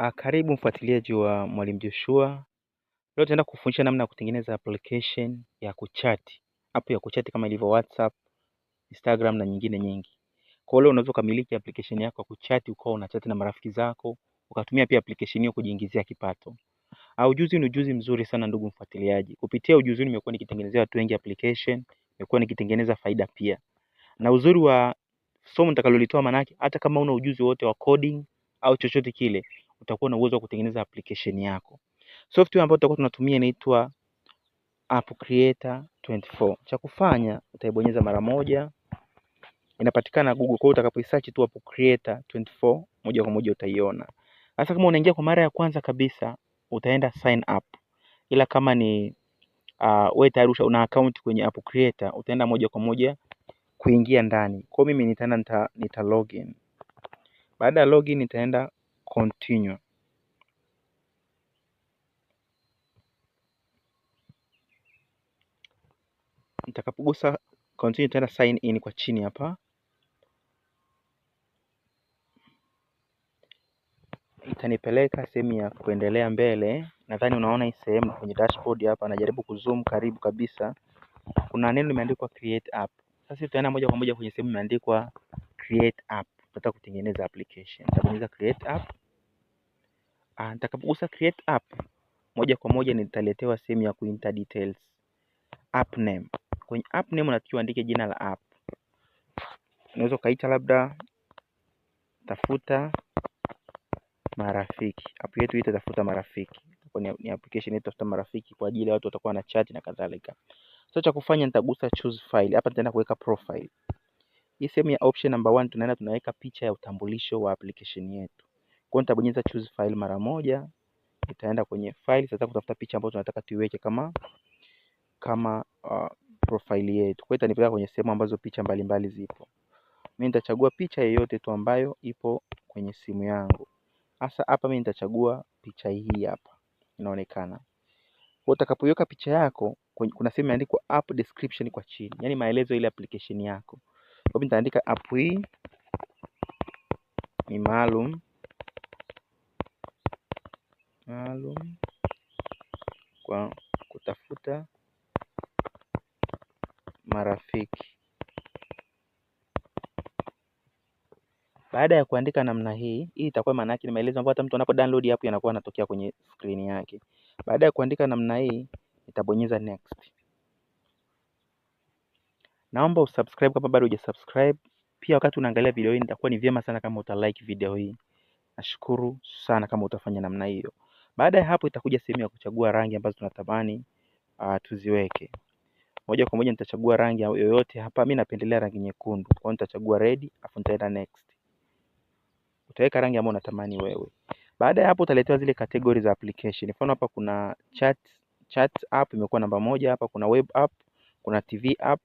Uh, karibu mfuatiliaji wa Mwalimu Joshua. Leo tutaenda kufundisha namna ya kutengeneza application ya kuchati. Hapo ya kuchati kama ilivyo WhatsApp, Instagram na nyingine nyingi. Kwa hiyo unaweza kumiliki application yako ya kuchati ukawa unachati na marafiki zako, ukatumia pia application hiyo kujiingizia kipato. Uh, ujuzi ni ujuzi mzuri sana ndugu mfuatiliaji. Kupitia ujuzi nimekuwa nikitengenezea watu wengi application, nimekuwa nikitengeneza faida pia. Na uzuri wa somo nitakalolitoa manake hata kama una ujuzi wote wa coding au chochote kile utakuwa na uwezo wa kutengeneza application yako. Software ambayo tutakuwa tunatumia inaitwa App Creator 24. Cha kufanya utaibonyeza mara moja, inapatikana Google. Kwa hiyo utakapoisearch tu App Creator 24 moja kwa moja utaiona. Sasa kama unaingia kwa mara ya kwanza kabisa, utaenda sign up, ila kama ni uh, wewe tayari una account kwenye App Creator, utaenda moja kwa moja kuingia ndani. Kwa mimi nitaenda nita, nita login. Baada ya login nitaenda continue nitakapogusa continue tena sign in kwa chini hapa itanipeleka sehemu ya kuendelea mbele. Nadhani unaona hii sehemu kwenye dashboard hapa, najaribu kuzoom karibu kabisa, kuna neno limeandikwa create app. Sasa tutaenda moja kwa moja kwenye sehemu imeandikwa create app, tunataka kutengeneza application. Tabonyeza create app, Ah, nitakapogusa create app, moja kwa moja nitaletewa sehemu ya kuinter details. App name. Kwenye app name unatakiwa andike jina la app. Unaweza ukaita labda tafuta marafiki. App yetu ita tafuta marafiki. Kwenye ni application yetu tafuta marafiki kwa ajili ya watu watakuwa na chat na kadhalika. Sasa cha kufanya nitagusa choose file. Hapa nitaenda kuweka profile. Hii sehemu ya option number 1 tunaenda tunaweka picha ya utambulisho wa application yetu. Kwa nitabonyeza choose file mara moja, itaenda kwenye file. Sasa kutafuta picha ambayo tunataka tuiweke kama kama uh, profile yetu. Kwa hiyo itanipeleka kwenye sehemu ambazo picha mbalimbali mbali zipo. Mimi nitachagua picha yoyote tu ambayo ipo kwenye simu yangu. Hasa hapa mimi nitachagua picha hii hapa. Inaonekana. Kwa utakapoiweka picha yako, kwenye, kuna sehemu imeandikwa app description kwa chini, yaani maelezo ile application yako. Kwa hiyo nitaandika app hii ni maalum maalum kwa kutafuta marafiki. Baada ya kuandika namna hii, hii itakuwa maana yake ni maelezo ambayo hata mtu anapo download app yanakuwa yanatokea kwenye skrini yake. Baada ya kuandika namna hii, nitabonyeza next. Naomba usubscribe kama bado hujasubscribe. Pia wakati unaangalia video hii, nitakuwa ni vyema sana kama utalike video hii. Nashukuru sana kama utafanya namna hiyo. Baada ya hapo itakuja sehemu ya kuchagua rangi ambazo tunatamani uh, tuziweke. Moja kwa moja nitachagua rangi yoyote hapa, mimi napendelea rangi nyekundu. Kwa hiyo nitachagua red, afu nitaenda next. Utaweka rangi ambayo unatamani wewe. Baada ya hapo utaletewa zile categories za application. Mfano hapa kuna chat, chat app imekuwa namba moja, hapa kuna web app, kuna TV app,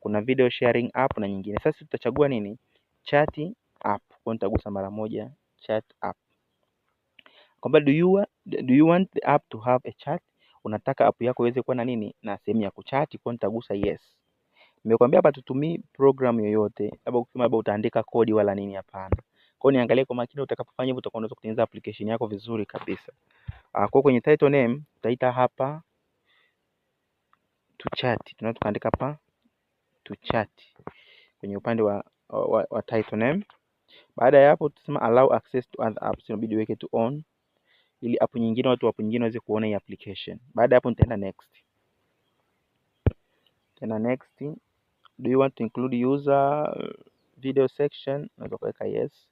kuna video sharing app na nyingine. Sasa tutachagua nini? Chat app. Kwa hiyo nitagusa mara moja chat app kwamba do you, do you want the app to have a chat unataka app yako iweze kuwa na nini na sehemu ya kuchati kwa nitagusa yes nimekwambia hapa tutumii program yoyote labda kusema labda utaandika kodi wala nini hapana kwa hiyo niangalie kwa makini utakapofanya hivyo utakuwa unaweza kutengeneza application yako vizuri kabisa uh, kwa kwenye title name tutaita hapa to chat tunaweza tukaandika hapa to chat kwenye upande wa, wa, wa title name baada ya hapo tutasema allow access to other apps inabidi uweke to on ili app nyingine, watu app nyingine waweze kuona hii application. Baada hapo nitaenda next, tena next, do you want to include user uh, video section, unaweza kuweka yes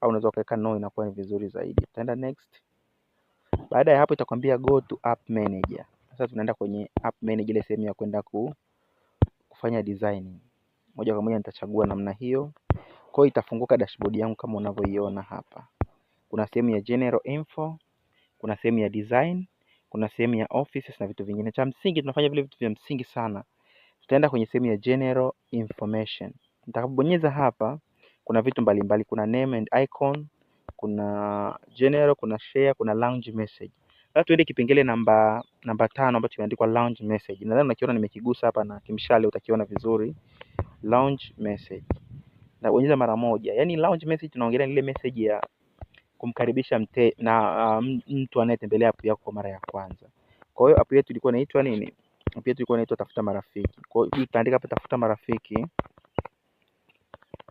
au unaweza kuweka no, inakuwa ni vizuri zaidi. Tutaenda next. Baada ya hapo itakwambia go to app manager. Sasa tunaenda kwenye app manager, ile sehemu ya kwenda ku, kufanya design. Moja kwa moja nitachagua namna hiyo, kwa hiyo itafunguka dashboard yangu kama unavyoiona hapa. Kuna sehemu ya general info kuna sehemu ya design, kuna sehemu ya offices na vitu vingine. Cha msingi tunafanya vile vitu vya msingi sana. Tutaenda kwenye sehemu ya general information. Nitakapobonyeza hapa kuna vitu mbalimbali mbali. Kuna name and icon, kuna general, kuna share, kuna launch message. Sasa tuende kipengele namba namba tano ambacho kimeandikwa launch message. Nadhani unakiona nimekigusa hapa na kimshale utakiona vizuri. Launch message. Na bonyeza mara moja. Yaani launch message tunaongelea ile message ya kumkaribisha mte, na um, mtu anayetembelea app yako kwa mara ya kwanza. Kwa hiyo app yetu ilikuwa inaitwa nini? App yetu ilikuwa inaitwa tafuta marafiki. Kwa hiyo tutaandika hapa tafuta marafiki,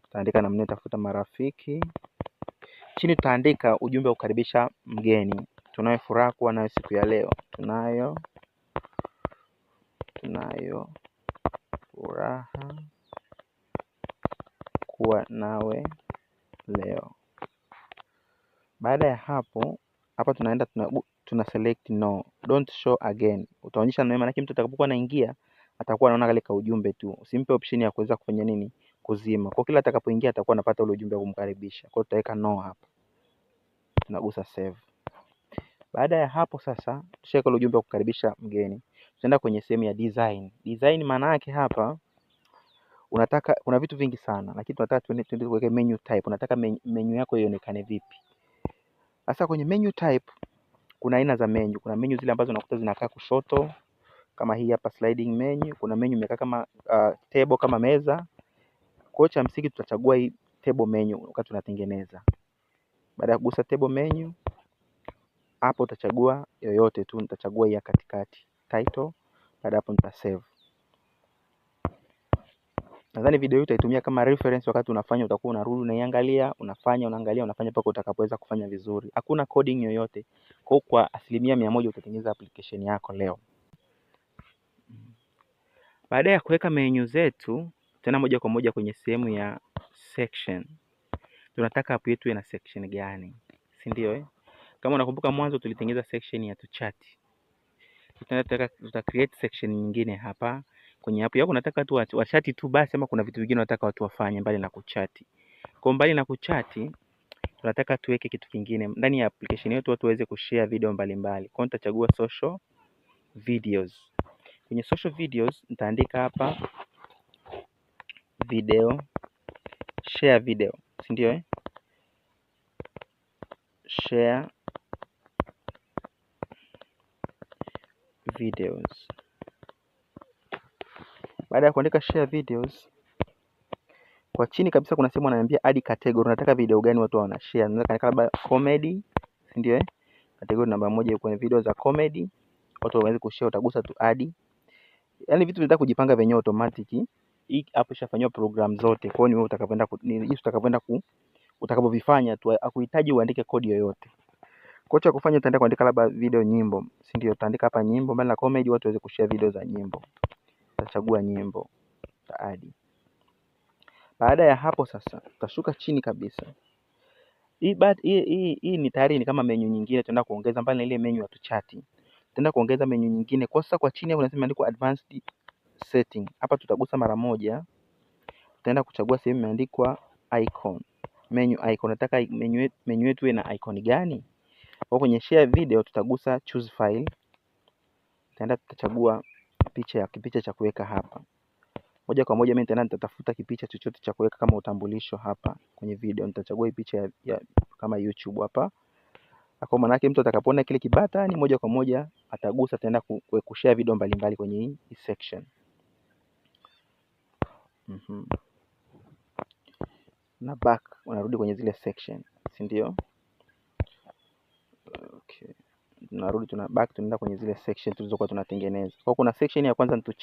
tutaandika namna tafuta marafiki, chini tutaandika ujumbe wa kukaribisha mgeni. Tunayo furaha kuwa nayo siku ya leo, tunayo tunayo furaha kuwa nawe leo. Baada ya hapo, hapa tunaenda tuna select no, don't show again. Utaonyesha neno, maana mtu atakapokuwa anaingia atakuwa anaona kale kaujumbe tu. Usimpe option ya kuweza kufanya nini? Kuzima. Kwa kila atakapoingia atakuwa anapata ule ujumbe wa kumkaribisha. Kwa hiyo tutaweka no hapa. Tunagusa save. Baada ya hapo sasa, tushaweka ule ujumbe wa kukaribisha mgeni. Tutaenda kwenye sehemu ya design. Design maana yake hapa unataka kuna vitu vingi sana, lakini tunataka tuende tuweke menu type. Unataka menu, menu yako ionekane vipi? Sasa kwenye menu type kuna aina za menu. Kuna menu zile ambazo unakuta zinakaa kushoto kama hii hapa sliding menu. Kuna menu imekaa kama uh, table kama meza. Kwa cha msingi tutachagua hii table menu wakati tunatengeneza. Baada ya kugusa table menu, hapo utachagua yoyote tu, nitachagua hii ya katikati title. Baada hapo nita save. Nadhani video hii utaitumia kama reference wakati unafanya, utakuwa unarudi unaiangalia, unafanya unaangalia, unafanya mpaka utakapoweza kufanya vizuri. Hakuna coding yoyote. Kwa kwa asilimia mia moja utatengeneza application yako leo. Baada ya kuweka menu zetu, tena moja kwa moja kwenye sehemu ya section. Tunataka app yetu ina section gani, si ndio eh? Kama unakumbuka mwanzo tulitengeneza section ya tuchati, tutaenda tuta create section nyingine hapa kwenye app yako unataka tu wachati tu basi, ama kuna vitu vingine unataka watu wafanye mbali na kuchati? Kwa mbali na kuchati, tunataka tuweke kitu kingine ndani ya application yetu, watu waweze kushare video mbalimbali. Kwa nitachagua social videos. Kwenye social videos nitaandika hapa video share video, si ndio eh? share videos baada ya kuandika share videos, kwa chini kabisa kuna sehemu ananiambia add category. unataka video gani watu wana share? kaandika labda comedy, si ndio? Eh, category namba moja iko kwenye video za comedy, watu waweze kushare, utagusa tu add. Yani vitu vinataka kujipanga venyewe automatic. Hii app ishafanywa program zote, kwa hiyo ni wewe utakapoenda jinsi utakavyoenda ku utakapovifanya tu, hakuhitaji uandike kodi yoyote. Kwa cha kufanya utaenda kuandika labda video nyimbo, si ndio? Utaandika hapa nyimbo, mbali na comedy watu waweze kushare video za nyimbo. Nitachagua nyimbo za adi. Baada ya hapo sasa, tutashuka chini kabisa. Hii ni tayari ni kama menu nyingine tunaenda kuongeza mbali na ile menu ya tuchati. Tutaenda kuongeza menu nyingine. Kwa sasa kwa chini hapo nasema imeandikwa advanced setting. Hapa tutagusa mara moja. Tutaenda kuchagua sehemu imeandikwa icon. Menu icon. Nataka menu yetu iwe na icon gani? Kwa kwenye share video tutagusa choose file. Tutaenda tutachagua picha ya kipicha cha kuweka hapa. Moja kwa moja mimi nitaenda nitatafuta kipicha chochote cha kuweka kama utambulisho hapa kwenye video. Nitachagua hii picha ya, ya kama YouTube hapa. Kwa maana yake mtu atakapoona kile kibata ni moja kwa moja atagusa ataenda kushare video mbalimbali kwenye hii section. Mm -hmm. Na back unarudi kwenye zile section, si ndio? Okay tunarudi tuna back tunaenda kwenye zile section tulizokuwa tunatengeneza. Kwa kuna section ya kwanza ni to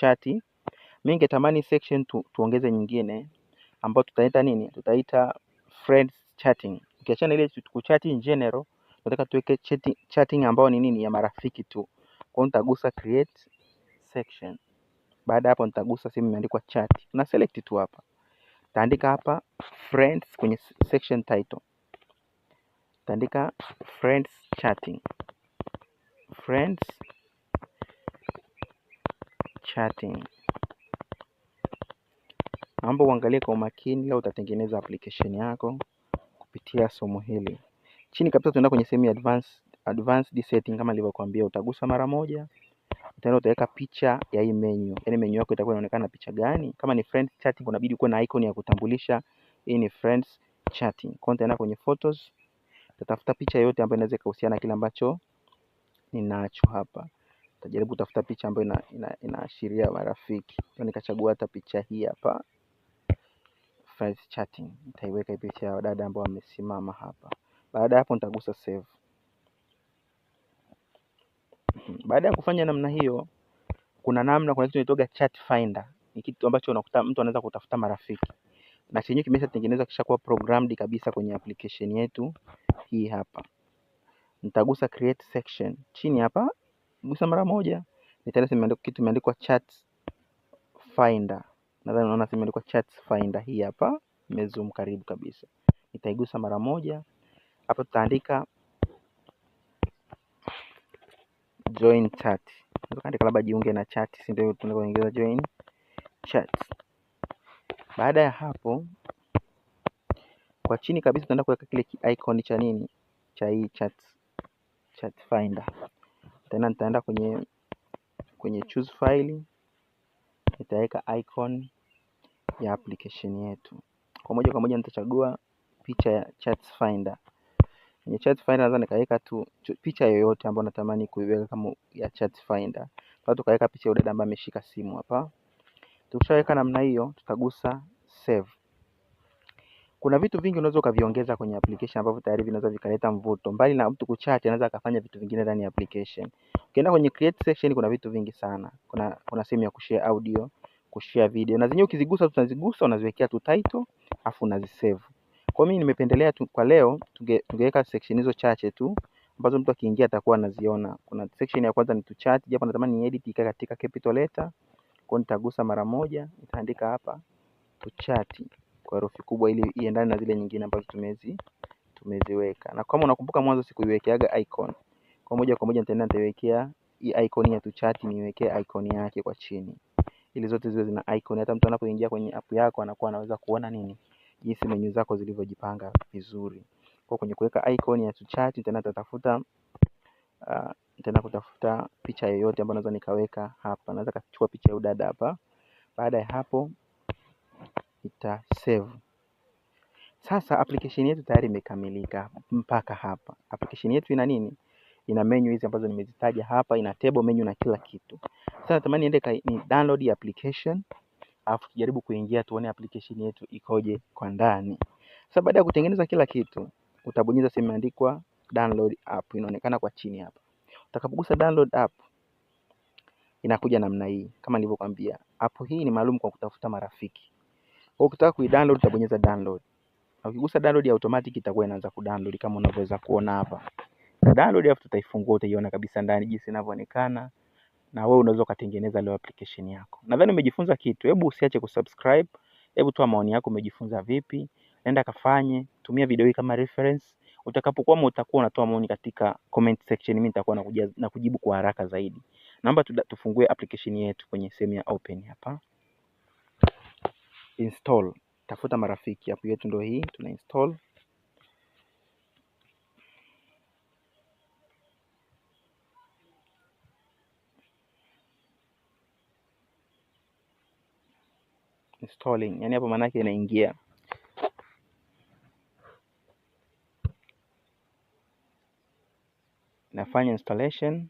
Mimi ningetamani section tu, tuongeze nyingine ambayo tutaita nini? Tutaita friends chatting. Ukiachana ile kuchat in general, nataka tuweke chatting, chatting ambayo ni nini? Ya marafiki tu. Kwa hiyo nitagusa create section. Baada hapo nitagusa simu imeandikwa chat. Na select tu hapa. Taandika hapa friends kwenye section title. Taandika friends chatting friends, chatting. Naomba uangalie kwa umakini leo utatengeneza application yako kupitia somo hili. Chini kabisa tunaenda kwenye sehemu ya advanced, advanced setting kama nilivyokuambia, utagusa mara moja, tena utaweka picha ya hii menu. yani menu yako itakuwa inaonekana picha gani? Kama ni friends chatting unabidi kuwe na icon ya kutambulisha hii ni friends chatting. Kwa hiyo utaenda kwenye photos, utatafuta picha yoyote ambayo inaweza kuhusiana na kile ambacho ninacho hapa nitajaribu kutafuta picha ambayo inaashiria marafiki nikachagua hata picha hii hapa friends chatting nitaiweka picha ya wadada ambao wamesimama hapa baada ya hapo nitagusa save hmm, baada ya kufanya namna hiyo kuna namna kuna kitu inaitwa chat finder ni kitu ambacho unakuta mtu anaweza kutafuta marafiki na chenyewe kimeshatengenezwa kishakuwa programmed kabisa kwenye application yetu hii hapa nitagusa create section chini hapa, gusa mara moja, nitaona kitu imeandikwa chat finder. Nadhani unaona simeandikwa chat finder, hii hapa imezoom karibu kabisa. Nitaigusa mara moja hapa, tutaandika join chart, andika labda jiunge na chat, si ndio? Tunaongeza join chat. Baada ya hapo, kwa chini kabisa tunaenda kuweka kile icon cha nini cha hii chat chat finder. Tena nitaenda kwenye kwenye choose file, nitaweka icon ya application yetu. Kwa moja kwa moja nitachagua picha ya chat finder. Kwenye chat finder naweza nikaweka tu picha yoyote ambayo natamani kuiweka kama ya chat finder. Sasa tukaweka picha ya dada ambaye ameshika simu hapa. Tukishaweka namna hiyo, tutagusa save. Kuna vitu vingi unaweza ukaviongeza kwenye application ambavyo tayari vinaweza vikaleta mvuto. Mbali na mtu kuchat, anaweza akafanya vitu vingine ndani ya application. Ukienda kwenye create section, kuna vitu vingi sana. Kuna kuna sehemu ya kushare audio, kushare video, na zenyewe ukizigusa tu unazigusa, unaziwekea tu title, afu unazisave. Kwa mimi nimependelea tu, kwa leo tungeweka section hizo chache tu ambazo mtu akiingia atakuwa anaziona. Kuna section ya kwanza ni to chat, japo natamani ni edit ikae katika capital letter. Kwa nitagusa mara moja, nitaandika hapa to chat kwa herufi kubwa ili iendane na zile nyingine ambazo tumezi tumeziweka. Na kama unakumbuka mwanzo sikuiwekeaga icon. Kwa moja kwa moja nitaenda nitaiwekea hii icon ya tuchati niwekee icon yake kwa chini. Ili zote ziwe zina icon hata mtu anapoingia kwenye app yako anakuwa anaweza kuona nini? Jinsi menu zako zilivyojipanga vizuri. Kwa kwenye kuweka icon ya tuchati tena tutatafuta uh, ah, tena kutafuta picha yoyote ambayo naweza nikaweka hapa. Naweza kachukua picha ya dada hapa. Baada ya hapo ita save. Sasa application yetu tayari imekamilika mpaka hapa. Application yetu ina nini? Ina menu hizi ambazo nimezitaja hapa, ina table menu na kila kitu. Sasa natamani niende ni download hii application, afu tujaribu kuingia tuone application yetu ikoje kwa ndani. Sasa baada ya kutengeneza kila kitu, utabonyeza sehemu imeandikwa download app, inaonekana kwa chini hapa. Utakapogusa download app inakuja namna hii. Kama nilivyokuambia, app hii ni maalum kwa kutafuta marafiki. Kwa ukitaka kuidownload utabonyeza download. Na ukigusa download ya automatic itakuwa inaanza kudownload kama unavyoweza kuona hapa. Na download hapo tutaifungua utaiona kabisa ndani jinsi inavyoonekana na wewe unaweza kutengeneza leo application yako. Nadhani umejifunza kitu. Hebu usiache kusubscribe. Hebu toa maoni yako umejifunza vipi? Nenda kafanye, tumia video hii kama reference. Utakapokuwa utakuwa unatoa maoni katika comment section, mimi nitakuwa na kujibu kwa haraka zaidi. Naomba tufungue application yetu kwenye sehemu ya open hapa install, tafuta marafiki. App yetu ndio hii, tuna install installing, yani hapo maanake inaingia nafanya installation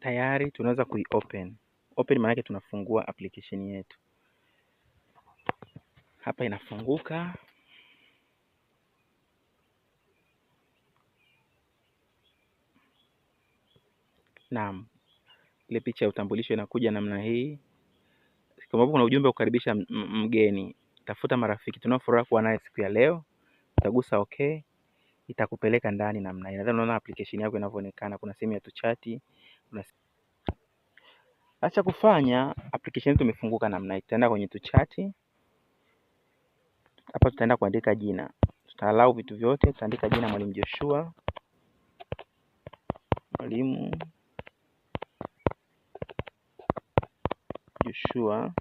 Tayari tunaweza kuiopen. Open maana tunafungua application yetu. Hapa inafunguka. Naam. Ile picha ya utambulisho inakuja namna hii. Kama kuna ujumbe wa kukaribisha mgeni, tafuta marafiki. Tunao furaha kuwa naye siku ya leo. Utagusa okay, itakupeleka ndani namna hii. Nadhani unaona application yako inavyoonekana. Kuna sehemu ya tuchati, kuna acha kufanya application yetu imefunguka namna hii. Tutaenda kwenye tuchati, hapa tutaenda kuandika jina, tutaalau vitu vyote, tutaandika jina Mwalimu Joshua, mwalimu Joshua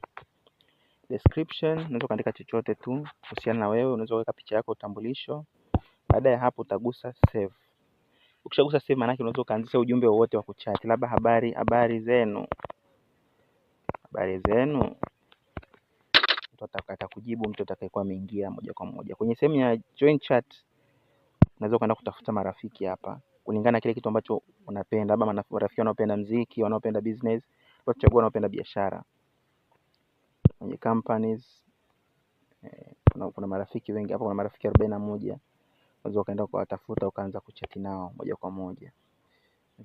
description unaweza ukaandika chochote tu kuhusiana na wewe, unaweza kuweka picha yako, utambulisho. Baada ya hapo utagusa save. Ukishagusa save, maanake unaweza ukaanzisha ujumbe wowote wa kuchati, labda habari, habari zenu, habari zenu atakujibu, mtu atakayekuwa ameingia moja kwa moja kwenye sehemu ya join chat. Unaweza ukaenda kutafuta marafiki hapa kulingana na kile kitu ambacho unapenda, labda marafiki wanaopenda mziki, wanaopenda business, wanaopenda biashara kwenye companies eh, kuna, kuna marafiki wengi hapo, kuna marafiki arobaini na moja unaweza ukaenda kuwatafuta ukaanza kucheki nao moja kwa moja.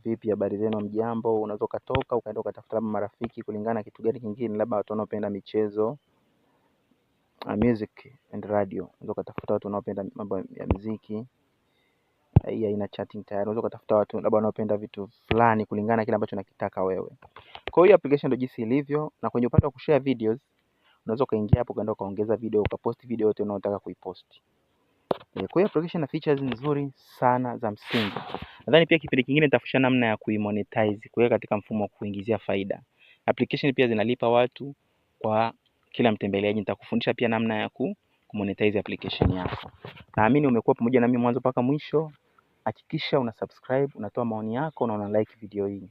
Vipi, habari zenu, mjambo? Unaweza ukatoka ukaenda ukatafuta labda marafiki kulingana na kitu gani kingine, labda watu wanaopenda michezo uh, music and radio, unaweza ukatafuta watu wanaopenda mambo ya muziki hii haina chatting tayari. Unaweza ukatafuta watu labda wanaopenda vitu fulani kulingana na kile ambacho unakitaka wewe. Kwa hiyo application ndio jinsi ilivyo, na kwenye upande wa kushare videos unaweza ukaingia hapo ukaenda ukaongeza video ukaposti video yote unayotaka kuiposti. E, eh, Kwa hiyo application na features nzuri sana za msingi. Nadhani pia kipindi kingine nitafusha namna ya kuimonetize, kuweka katika mfumo wa kuingizia faida. Application pia zinalipa watu kwa kila mtembeleaji. Nitakufundisha pia namna ya ku monetize application yako. Naamini umekuwa pamoja nami mwanzo mpaka mwisho. Hakikisha una subscribe, unatoa maoni yako na una like video hii.